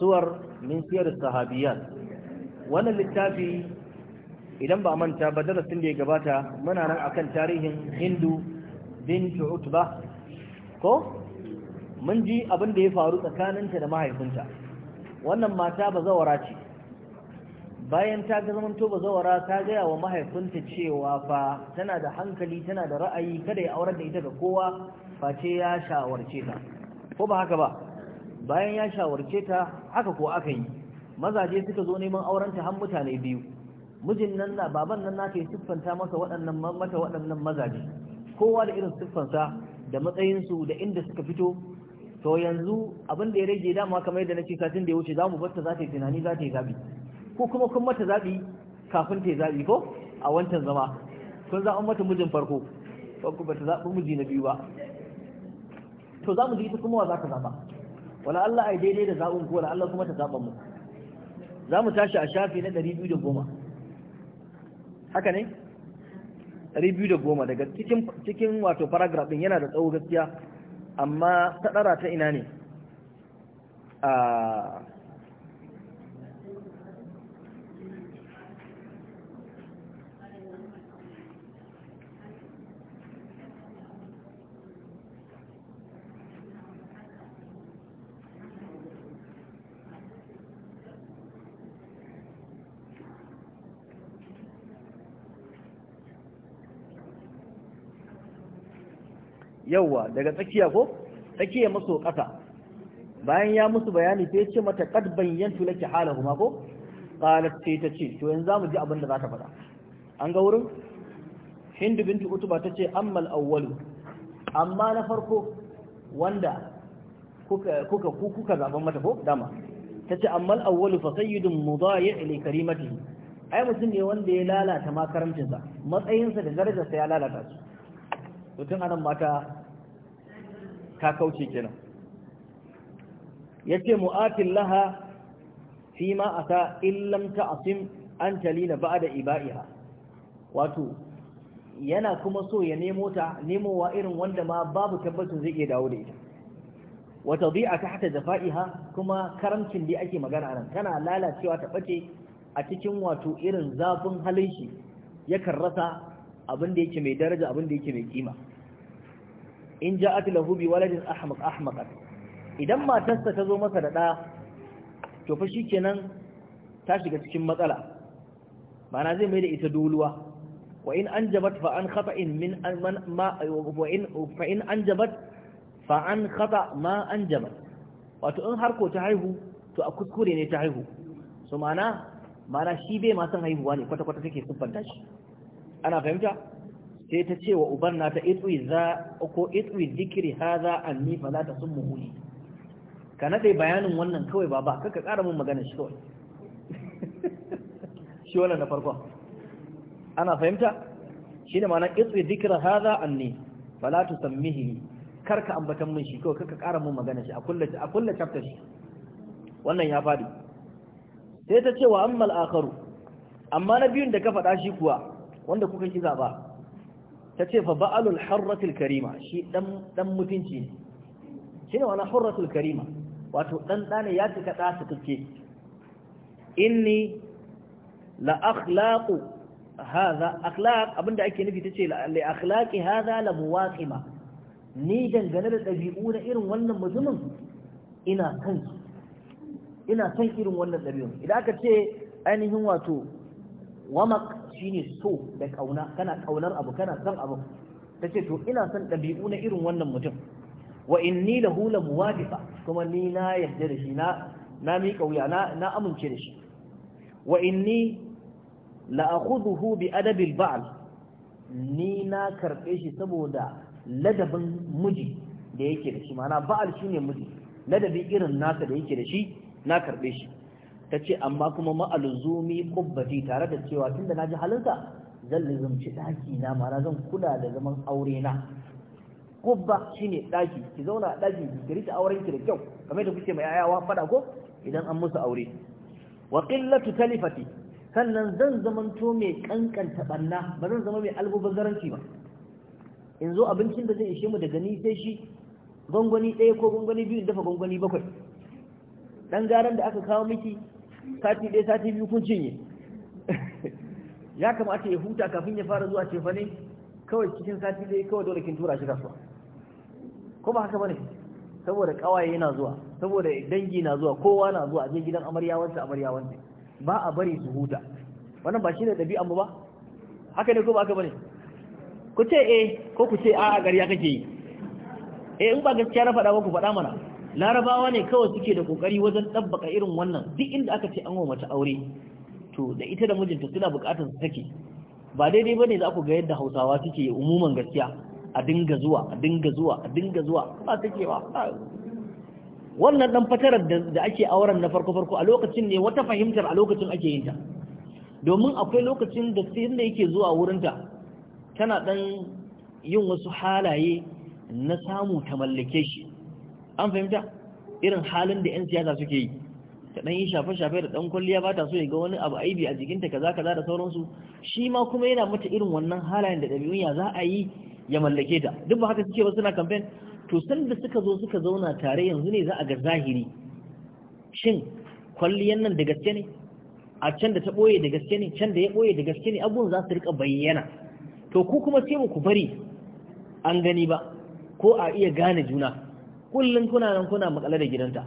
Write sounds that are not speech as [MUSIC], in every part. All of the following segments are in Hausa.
suwar min siyar sahabiyar. wannan littafi idan ba manta ba darasin da ya gabata muna nan akan tarihin hindu bintu utba ko mun ji abin da ya faru tsakaninta da mahaifinta wannan mata ba zawara ce bayan ta ga zamanto zawara, ta gaya wa mahaifinta cewa fa tana da hankali tana da ra'ayi kada ya aurar da ita ga kowa face ya shawarce ta ko ba haka ba bayan ya shawarce ta haka ko aka yi mazaje suka zo neman aurenta har mutane biyu mijin nan na baban nan nake siffanta masa waɗannan mata waɗannan mazaje kowa da irin siffansa da matsayinsu da inda suka fito to yanzu abin da ya rage dama kamar yadda nace katin da ya wuce zamu bar ta za ta yi tunani za ta yi zabi ko kuma kun mata zabi kafin ta yi zabi ko a wancan zama kun zaɓan mata mijin farko ko ku ba ta zaɓi miji na biyu ba to za mu ji ita kuma wa za ta zaɓa wala Allah ai daidai da zaɓin ko wala Allah kuma ta zaɓa mu za mu tashi a shafi na 210 haka ne 210 daga cikin cikin wato paragraph din yana da tsawo gaskiya amma ta ɗara ta ina ne a ah, yawwa daga tsakiya ko tsakiya maso ƙasa bayan ya musu bayani sai ce mata qad ke laki halahuma ko qalat sai ta ce to yanzu zamu ji abin da za ta faɗa an ga wurin hindu bintu utuba ta ce ammal awwalu amma na farko wanda kuka kuka kuka zaban mata ko dama ta ce ammal awwalu fa sayyidun mudayi' li karimatihi ai mutum ne wanda ya lalata makarantinsa matsayinsa da darajarsa ya lalata su to tun anan mata ta kauce kenan yace mu'atil laha fi ma ata illam ta'sim an talina ba'da iba'iha wato yana kuma so ya nemo ta wa irin wanda ma babu tabbacin zai iya dawo da ita wata bi'a tahta hata jafa'iha kuma karamcin da ake magana nan tana lalacewa ta bace a cikin wato irin zafin halin shi yakan rasa abin da yake mai daraja abin da yake mai kima in ja lahu lahubi waladin ahmaq ahmaqat idan matarsa ta zo masa da ɗa to fa shikenan ta shiga cikin matsala ma'ana zai mai da ita doluwa wa in anjabat fa an khata'in min man ma wa in fa in anjabat fa an khata ma anjabat wato in harko ta haihu to a kuskure ne ta haihu so ma'ana ma'ana shi bai ma san haihuwa ne kwata kwata take siffanta shi ana fahimta sai ta ce wa uban nata itwi za ko itwi zikiri haza anni fala ta sun muhuli ka naɗe bayanin wannan kawai baba kaka ƙara mun magana shi kawai [LAUGHS] shi wannan na farkon ana fahimta shine ma'anar itwi zikira haza anni fala tu sammihi ka ambatan mun shi kawai kaka ƙara mun magana shi a kulle a chapter shi wannan ya fadi sai ta ce wa ammal akharu amma na biyun da ka faɗa shi kuwa wanda kuka ki zaba ta ce fa ba'alul harratul karima shi dan mutunci ne shi ne harratul karima wato dan ɗane ya cika ɗa su kake inni la akhlaqu hadha akhlaq abinda ake nufi tace la akhlaqi hadha la muwaqima ni dangane da ɗabi'u na irin wannan mutumin ina kan ina kan irin wannan ɗabi'un idan aka ce ainihin wato wamak shine so da kauna kana kaunar abu kana son abu tace to ina son ɗabi'u na irin wannan mutum wa inni lahu la muwadifa kuma ni na yarda da shi na na mi kauya na na amince da shi wa inni la akhudhuhu bi adab al ni na karbe shi saboda ladabin miji da yake da shi ma'ana ba'al shine miji ladabi irin nasa da yake da shi na karbe shi ta ce amma kuma ma'aluzumi kubbati tare da cewa tun da na ji halinsa zan lizumci ɗaki na mara zan kula da zaman aure na kubba ne ɗaki ki zauna a ɗaki ki ta auren ki da kyau kamar da kuke mai ayawa faɗa ko idan an musu aure wa qillatu talifati sannan zan zamanto mai kankanta banna ba zan zama mai albubazaranci ba in zo abincin da zai ishe mu daga ni sai shi gwangwani ɗaya ko gwangwani biyu dafa gwangwani bakwai dan garan da aka kawo miki sati ɗaya sati biyu kun cinye [LAUGHS] ya kamata ya huta kafin ya fara zuwa cefa ne kawai cikin sati ɗaya kawai dole kin tura shi kasuwa ko ba haka bane saboda kawaye yana zuwa saboda dangi na zuwa kowa na zuwa je gidan amaryawansa amaryawansa ba a bari su huta wannan ba shine dabi'an mu ba haka ne ko ba haka bane ku ce eh ko ku ce a'a ya kake yi eh in ba gaskiya na faɗa ba ku faɗa mana larabawa ne kawai suke da kokari wajen tabbaka irin wannan duk inda aka ce an wa mace aure to da ita da mijinta suna bukatar su take ba daidai bane za ku ga yadda Hausawa suke umuman gaskiya a dinga zuwa a dinga zuwa a dinga zuwa ba ba wannan dan fatarar da ake auren na farko farko a lokacin ne wata fahimtar a lokacin ake yin ta domin akwai lokacin da sai da yake zuwa wurin ta tana dan yin wasu halaye na samu ta mallake shi an fahimta irin halin da 'yan siyasa suke yi ta ɗan yi shafe-shafe da ɗan kwalliya ba ta so ya ga wani abu aibi a jikinta kaza kaza da sauransu shi ma kuma yana mata irin wannan halayen da ɗabi'un ya za a yi ya mallake ta duk ba haka suke ba suna kamfen to sanda suka zo suka zauna tare yanzu ne za a ga zahiri shin kwalliyan nan da gaske ne a can da ta ɓoye da gaske ne can da ya ɓoye da gaske ne abubuwan za su rika bayyana to ku kuma sai ku bari an gani ba ko a iya gane juna kullum kuna nan kuna makale da gidanta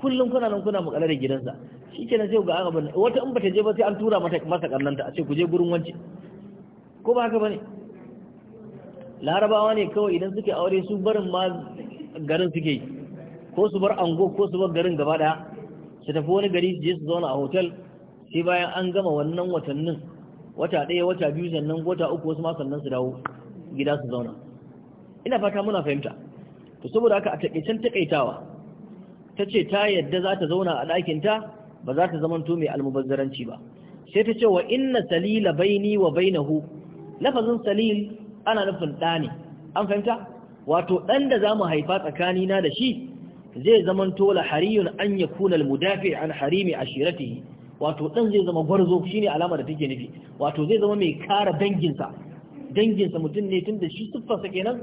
kullum kuna nan kuna makale da gidansa shi nan sai ga ga bane wata in bata je ba sai an tura mata masa karnanta a ce ku je gurin wance ko ba haka bane larabawa ne kawai idan suke aure su barin ma garin suke yi ko su bar ango ko su bar garin gaba daya su tafi wani gari su je su zauna a hotel sai bayan an gama wannan watannin wata ɗaya wata biyu sannan wata uku wasu ma sannan su dawo gida su zauna ina fata muna fahimta to saboda haka a takeicen takaitawa ta ce ta yadda za ta zauna a ɗakinta ba za ta zamanto mai almubazzaranci ba sai ta ce wa inna salila baini wa bainahu lafazin salil ana nufin ɗa ne an fahimta wato ɗan da za mu haifa tsakanina da shi zai zamanto la hariyun an yakuna almudafi an harimi ashiratihi wato ɗan zai zama gwarzo shine alama da take nufi wato zai zama mai kara danginsa danginsa mutum ne tun da shi siffarsa kenan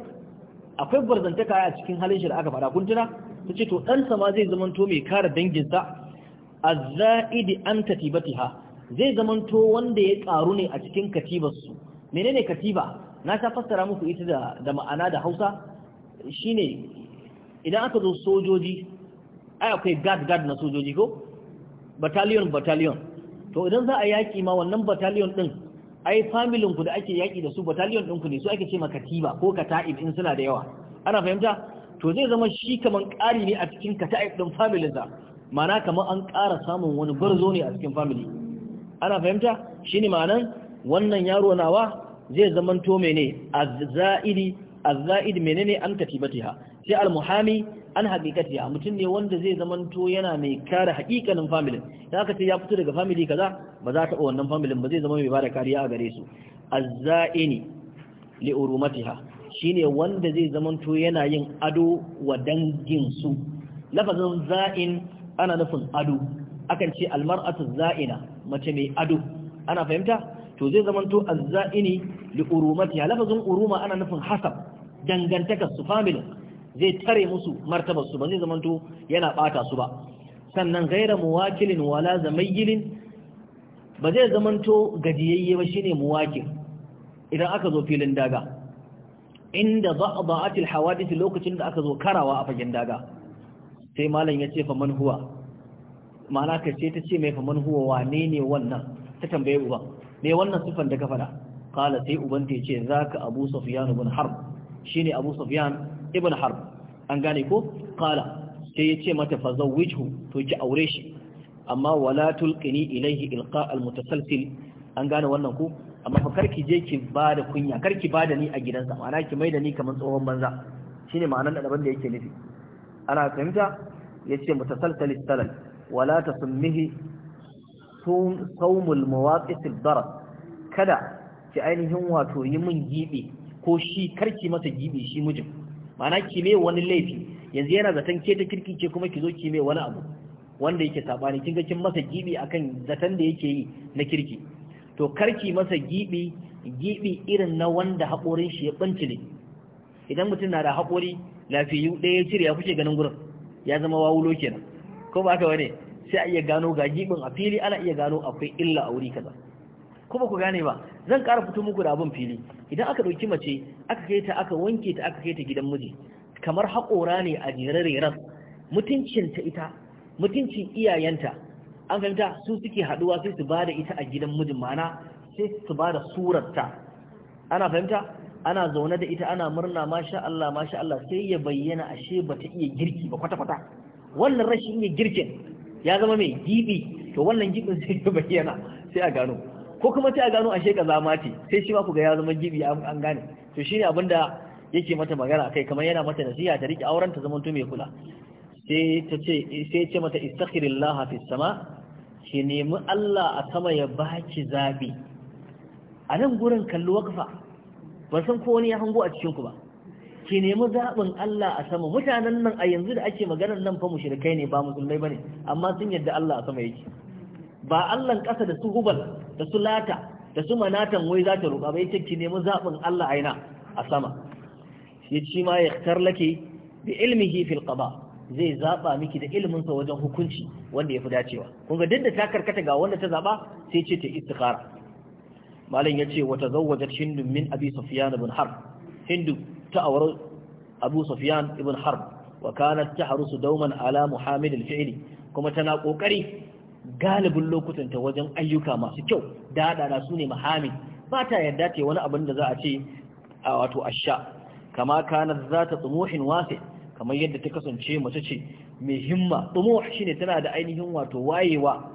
akwai barzantaka a cikin halin shi da aka fara kun ta ce to ɗan sama zai zamanto mai kare danginsa a za'idi an katibatiha zai zamanto wanda ya karu ne a cikin katibarsu menene katiba na ta fassara muku ita da, ma'ana da hausa shine idan aka zo sojoji ai akwai guard guard na sojoji ko battalion battalion to idan za a yaƙi ma wannan battalion ɗin ai familin ku da ake yaki da su battalion ɗinku ne su ake ce katiba ko kata'ib in suna da yawa ana fahimta to zai zama shi kaman ƙari ne a cikin kata'ib ɗin familin sa ma'ana kaman an ƙara samun wani barzo ne a cikin family ana fahimta shine ma'anan wannan yaro nawa zai zamanto mene za'iri az menene an katibatiha sai al-muhami an haqiqatiha mutum ne wanda zai zamanto yana mai kare haƙiƙanin familin da aka ce ya fito daga family kaza ba za ta wannan familin ba zai zama mai bada kariya a gare su az-za'ini li urumatiha shine wanda zai zamanto yana yin ado wa dangin su lafazin za'in ana nufin ado akan ce al-mar'atu za'ina mace mai ado ana fahimta to zai zamanto az-za'ini li urumatiha lafazin uruma ana nufin hasab dangantakar su family zai tare musu martabar su ba zai zamanto yana bata su ba sannan gaira muwakilin wala zamayilin ba zai zamanto gajiyayye ba shine muwakil idan aka zo filin daga inda ba'da'atil alhawadith lokacin da aka zo karawa a fagen daga sai malam ya ce fa man huwa ka ce ta ce mai fa man wane ne wannan ta tambaye uban me wannan sifan da ka fada kala sai uban ta ce zaka abu sufyan ibn harb shine Abu Sufyan ibn Harb an gane ko qala sai yace mata fa to ki aure shi amma wala tulqini ilayhi ilqa almutasalsil an gane wannan ko amma fa karki je ki bada kunya karki bada ni a gidansa ma'ana ki maida ni kamar tsohon banza shine ma'anar da daban da yake nufi ana fahimta yace mutasalsal salal wala tasmihi sawmul mawaqit ad kada ki ainihin wato yi min gibi ko shi karki masa gibi shi mijin Mana ki mai wani laifi yanzu yana zaton ke ta kirki ce kuma ki zo ki mai wani abu wanda yake sabani kin ga kin masa gibi akan zaton da yake yi na kirki to karki masa gibi gibi irin na wanda haƙorin shi ya bantile idan mutum na da haƙori lafiyu ɗaya ya cire ya kuke ganin gurin ya zama wawulo kenan ko ba ka wane sai a iya gano ga gibin a fili ana iya gano akwai illa a wuri kaza ko ba ku gane ba zan ƙara fito muku da abin fili idan aka ɗauki mace aka kai ta aka wanke ta aka kai ta gidan miji kamar haƙora ne a jerare mutuncin ta ita mutuncin iyayenta an fahimta su suke haɗuwa sai su ba da ita a gidan mijin mana sai su ba da surarta ana fahimta ana zaune da ita ana murna masha Allah masha Allah sai ya bayyana ashe ba ta iya girki ba kwata-kwata wannan rashin iya girkin ya zama mai gibi to wannan gibin sai ya bayyana sai a gano ko kuma sai a gano ashe ka zama ce sai shi ma ku ga ya zama gibi an gane to shi abin da yake mata magana kai kamar yana mata nasiha ta rike auren ta zama mai kula sai ta ce mata istaghfirullah fi sama ki nemi Allah a sama ya baki zabi a nan gurin kallo wakfa ban san ko wani ya hango a cikin ku ba ki nemi zaɓin Allah a sama mutanen nan a yanzu da ake maganar nan fa mushrikai ne ba musulmai ne, amma sun yadda Allah a sama yake ba Allahn ƙasa da su hubal da su lata da su manatan wai za ta roƙa ba yace ki nemi zaɓin Allah aina a sama shi ci ma ya tar laki bi zai zaɓa miki da ilmin sa wajen hukunci wanda yafi dacewa kun ga duk da ta karkata ga wanda ta zaɓa sai ce ta istikhara malam yace wa tazawwajat hindu min abi sufyan ibn harb hindu ta aure abu sufyan ibn harb wa kanat tahrusu dawman ala muhammad al-fi'li kuma tana kokari galibin lokutan ta wajen ayyuka masu kyau da haɗaɗa su ne mahami ba ta yarda ta wani abin da za a ce a wato asha kama kanar za ta tsumohin wasi kamar yadda ta kasance mace ce mai himma shi ne tana da ainihin wato wayewa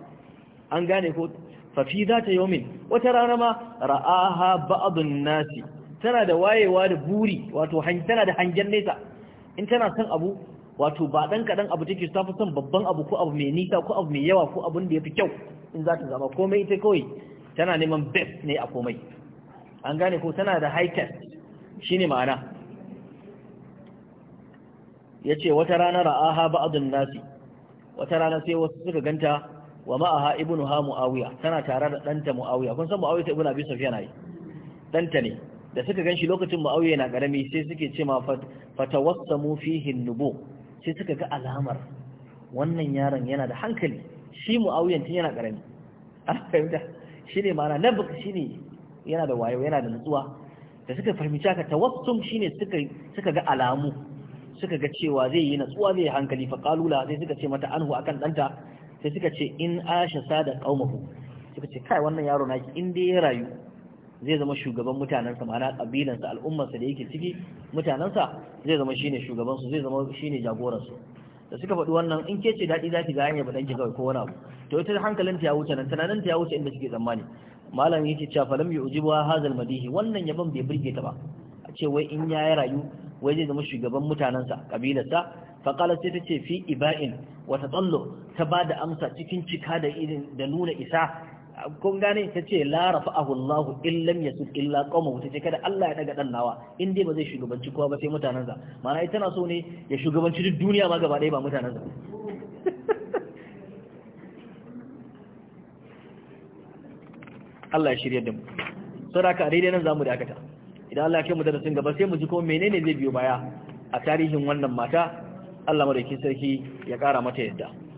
an gane ko fafi za ta yi min. wata rana ma ra'aha ba'adun nasi tana da wayewa da buri wato tana da hangen nesa in tana son abu wato ba dan kadan abu take ta fi son babban abu ko abu mai nisa ko abu mai yawa ko abun da yafi kyau in za ta zama komai ita kawai tana neman best ne a komai an gane ko tana da high test shine ma'ana yace wata rana ra'aha ba'dun nasi wata rana sai wasu suka ganta wa ma'aha ha muawiya tana tare da ɗanta muawiya kun san muawiya ta ibnu abi sufyan ai Ɗanta ne da suka ganshi lokacin muawiya na karami sai suke ce ma fatawassamu fihi nubu sai suka ga alamar wannan yaron yana da hankali shi mu'awiyan yana karami fahimta shi ne ma'ana na baka shi ne yana da wayo yana da nutsuwa da suka fahimci haka tawassum shi ne suka ga alamu suka ga cewa zai yi nutsuwa zai yi hankali fa kalula sai suka ce mata anhu akan ɗanta sai suka ce in asha sada qaumahu suka ce kai wannan yaro naki in dai ya rayu zai zama shugaban mutanensa ma'ana ƙabilansa al'ummarsa da yake ciki mutanensa zai zama shine shugabansu zai zama shine jagoransu da suka faɗi wannan in ke ce daɗi za ki ga hanyar ki kawai ko wani abu to ita hankalin ta ya wuce nan tunanin ta ya wuce inda suke tsammani malam yake cewa falam yujibuha hazal madihi wannan yaban bai burge ta ba a ce wai in ya rayu wai zai zama shugaban mutanensa kabilarsa qala sai ta ce fi iba'in wata tsallo ta ba da amsa cikin cika da irin da nuna isa kun gane ta ce la rafa'ahu Allah illam su illa qawmuhu ta ce kada Allah ya daga dan nawa in dai ba zai shugabanci kowa ba sai mutanen sa mana ita na so ne ya shugabanci duk duniya ma gaba ɗaya ba mutanen sa [LAUGHS] Allah ya shirya da mu saboda daidai nan zamu dakata idan Allah ya kai mu darasin gaba sai mu ji ko menene zai biyo baya a tarihin wannan mata Allah madaukakin sarki ya kara mata yadda